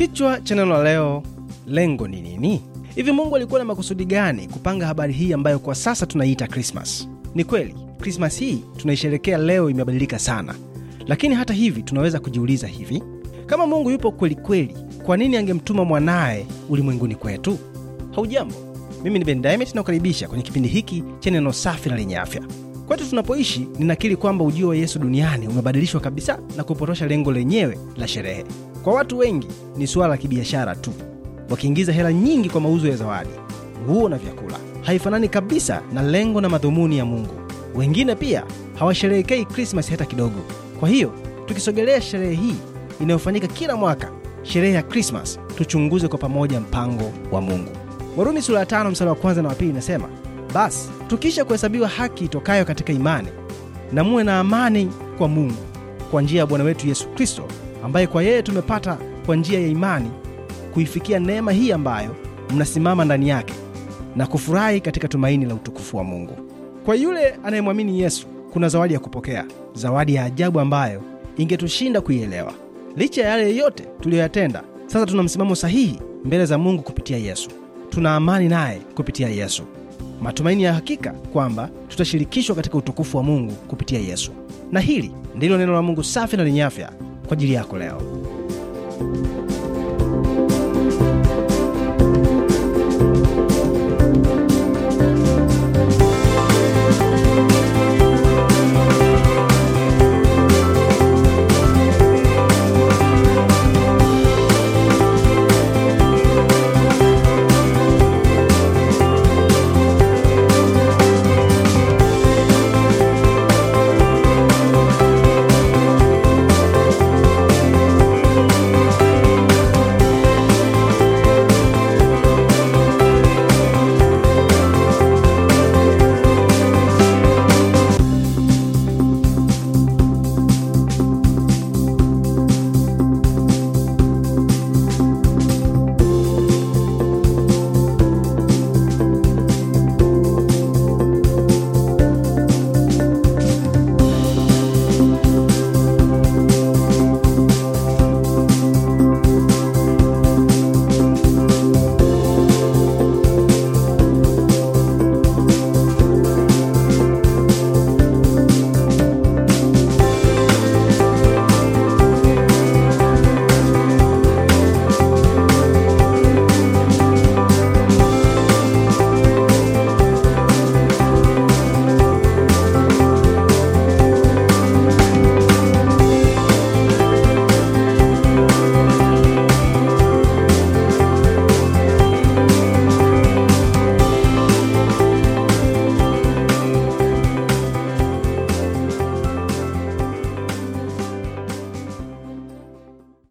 Kichwa cha neno la leo, lengo ni nini? Hivi Mungu alikuwa na makusudi gani kupanga habari hii ambayo kwa sasa tunaiita Krismas? Ni kweli Krismas hii tunaisherekea leo imebadilika sana, lakini hata hivi tunaweza kujiuliza hivi, kama Mungu yupo kwelikweli, kwa nini angemtuma mwanaye ulimwenguni kwetu? Haujambo, mimi ni Ben Dynamite na kukaribisha kwenye kipindi hiki cha neno safi na lenye afya. Kwetu tunapoishi, ninakiri kwamba ujio wa Yesu duniani umebadilishwa kabisa na kupotosha lengo lenyewe la sherehe. Kwa watu wengi ni suala la kibiashara tu, wakiingiza hela nyingi kwa mauzo ya zawadi, nguo na vyakula. Haifanani kabisa na lengo na madhumuni ya Mungu. Wengine pia hawasherehekei Krismasi hata kidogo. Kwa hiyo tukisogelea sherehe hii inayofanyika kila mwaka, sherehe ya Krismasi, tuchunguze kwa pamoja mpango wa Mungu. Warumi sura ya tano mstari wa kwanza na wa pili inasema, basi tukisha kuhesabiwa haki itokayo katika imani, na muwe na amani kwa Mungu kwa njia ya Bwana wetu Yesu Kristo ambaye kwa yeye tumepata kwa njia ya imani kuifikia neema hii ambayo mnasimama ndani yake na kufurahi katika tumaini la utukufu wa Mungu. Kwa yule anayemwamini Yesu kuna zawadi ya kupokea, zawadi ya ajabu ambayo ingetushinda kuielewa. Licha ya yale yote tuliyoyatenda, sasa tuna msimamo sahihi mbele za Mungu kupitia Yesu. Tuna amani naye kupitia Yesu, matumaini ya hakika kwamba tutashirikishwa katika utukufu wa Mungu kupitia Yesu. Na hili ndilo neno la Mungu safi na lenye afya kwa ajili yako leo.